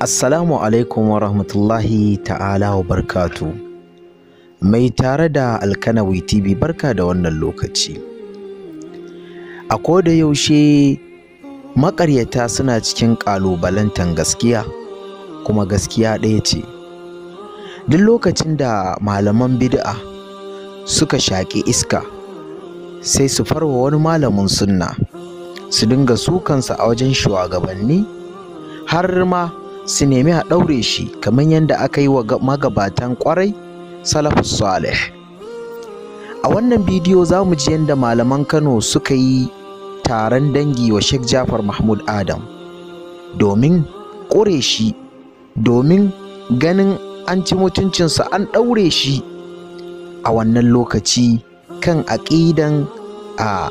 Assalamu alaikum wa rahmatullahi ta'ala wa barkatu. Mai tare da Alkanawi TV barka da wannan lokaci. A koda yaushe maƙaryata suna cikin ƙalubalantan gaskiya, kuma gaskiya ɗaya ce. duk lokacin da malaman bid'a suka shaƙi iska sai su farwa wani malamin sunna su dinga sukansa a wajen shugabanni har ma su nemi a ɗaure shi kamar yadda aka yi wa magabatan ƙwarai salafus salih a wannan bidiyo za mu ji yadda malaman kano suka yi taron dangi wa sheikh jafar mahmud adam domin ƙure shi domin ganin an ci mutuncinsa an ɗaure shi a wannan lokaci kan aƙidan a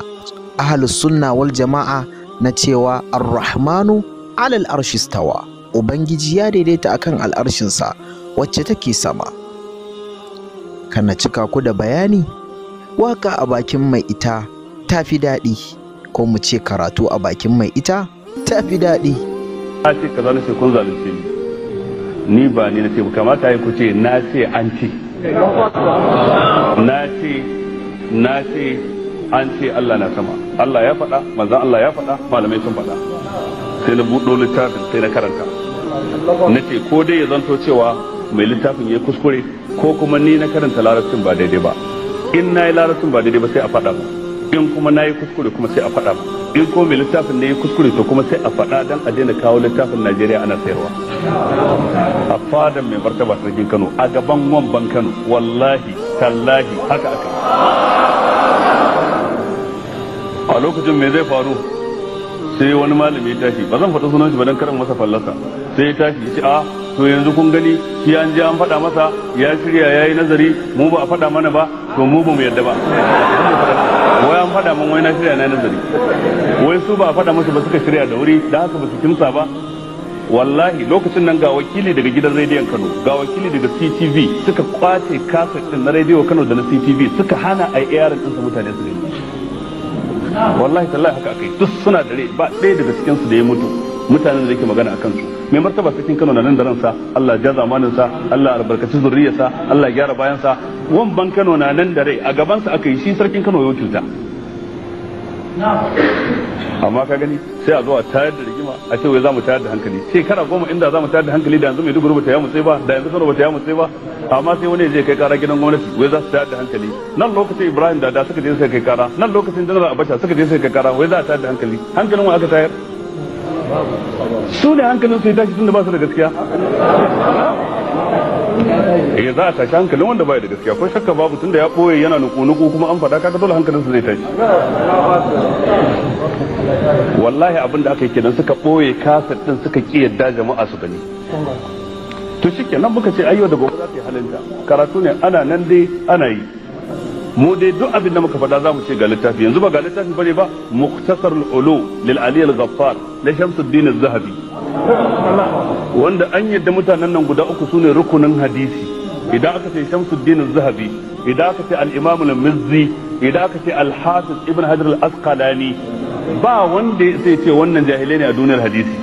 sunna wal jama'a na cewa arrahmanu rahmanu alal arshistawa ubangiji ya daidaita akan al'arshinsa wacce take sama kana cika ku da bayani waka a bakin mai ita ta fi daɗi ko mu ce karatu a bakin mai ita ta fi daɗi. Ta ce ka zane ce kun zalunce ni. ni ba ni na ce kamata yi ku ce na ce an ce na ce na ce an ce Allah na sama Allah ya faɗa manzan Allah ya faɗa malamai sun faɗa sai na buɗo littafin sai na karanta na ce ko dai ya zanto cewa mai littafin ya kuskure ko kuma ni na karanta larabcin ba daidai ba in na yi larabcin ba daidai ba sai a faɗa ba in kuma na yi kuskure kuma sai a faɗa in kuma mai littafin ne yi kuskure to kuma sai a faɗa don a daina kawo littafin najeriya ana sayarwa a fadan mai martaba sarkin kano a gaban wamban kano wallahi tallahi haka aka a lokacin me zai faru sai wani malami ya tashi ba zan faɗa sunan shi ba don karin masa fallasa sai ya tashi ya ce a ah, to yanzu kun gani shi an je an faɗa masa ya shirya ya yi nazari mu ba a faɗa mana ba to mu ba mu yadda ba wai an faɗa min wai na shirya na nazari wai su ba fada musu ba suka shirya da wuri da haka ba su kimsa ba wallahi lokacin nan ga wakili daga gidan rediyon kano ga wakili daga ctv suka kwace kasar din na rediyo kano da na ctv suka hana a yaran ɗinsa mutane su gani wallahi tallahi haka akai duk suna dare ba ɗaya daga cikin su da ya mutu mutanen da yake magana a su mai martaba sarkin Kano na nan da ransa Allah ja zamanin sa Allah albarkaci zuriyarsa Allah gyara bayansa wan ban Kano na nan da rai a gaban sa aka yi shi sarkin Kano ya wakilta amma ka gani sai a zo a tayar da rigima a ce wai za mu tayar da hankali shekara goma inda za mu tayar da hankali da yanzu mai duguru bata mu sai ba da yanzu Kano bata mu sai ba amma sai wani zai kai kara gidan gwamnati wai za su tayar da hankali nan lokacin Ibrahim da da suka je suka kai kara nan lokacin Janar Abacha suka je suka kai kara wai za a tayar da hankali hankalin wa aka tayar su ne hankalin su ya tashi tun da ba su da gaskiya eh za a tashi hankalin wanda bai da gaskiya ko shakka babu tunda ya boye yana nuku-nuku kuma an faɗa kaka dole hankalin su zai tashi wallahi abin da aka yi kenan suka boye kasar din suka ki yadda jama'a su gani to nan muka ce ayyau da gobe za ta yi halinta karatu ne ana nan dai ana yi mu dai duk abin da muka faɗa za mu ce ga littafi yanzu ba ga littafi bane ba muktasar ulu lil ali al ghaffar na shamsuddin az-zahabi wanda an yadda mutanen nan guda uku sune rukunin hadisi idan aka ce shamsuddin az-zahabi idan aka ce al-imam al-mizzi idan aka ce al-hafiz ibn hajar al-asqalani ba wanda zai ce wannan jahilai ne a duniyar hadisi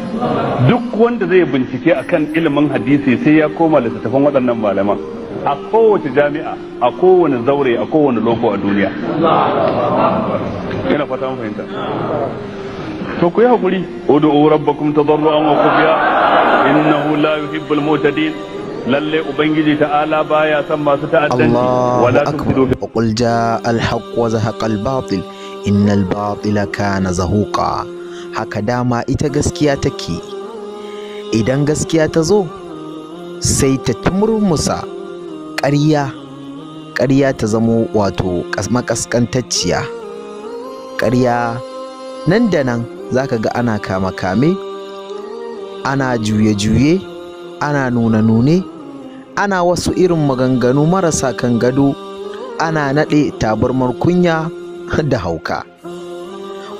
duk wanda zai bincike akan ilimin hadisi sai ya koma littattafan waɗannan malaman a kowace jami'a a kowane zaure a kowane loko a duniya ina fata fahimta to ku yi hakuri ud'u rabbakum tadarruan wa khufiya innahu la yuhibbul mu'tadin lalle ubangiji ta'ala baya son masu ta'addanci wala tusidu bi qul ja'a al-haqq wa batil innal batila kana zahuka haka dama ita gaskiya take idan gaskiya ta zo sai ta tumurmusa ƙarya ƙarya ta zamo wato makaskantacciya ƙarya nan da nan za ka ga ana kame-kame ana juye-juye ana nuna-nune ana wasu irin maganganu marasa kan gado ana naɗe tabarmar kunya da hauka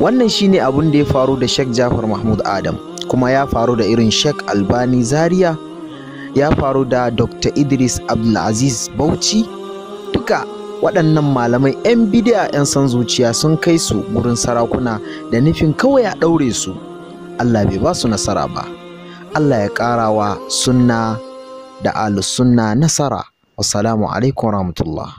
wannan shine abun da ya faru da Sheikh Jafar Mahmud Adam kuma ya faru da irin Sheikh Albani Zaria ya faru da Dr. Idris Abdulaziz Bauchi duka waɗannan malamai 'yan bidiya 'yan san zuciya sun kai su gurin sarakuna da nufin kawai a ɗaure su Allah bai ba su nasara ba Allah ya ƙara wa sunna da alusunna nasara wasalamu alaikum rahmatullah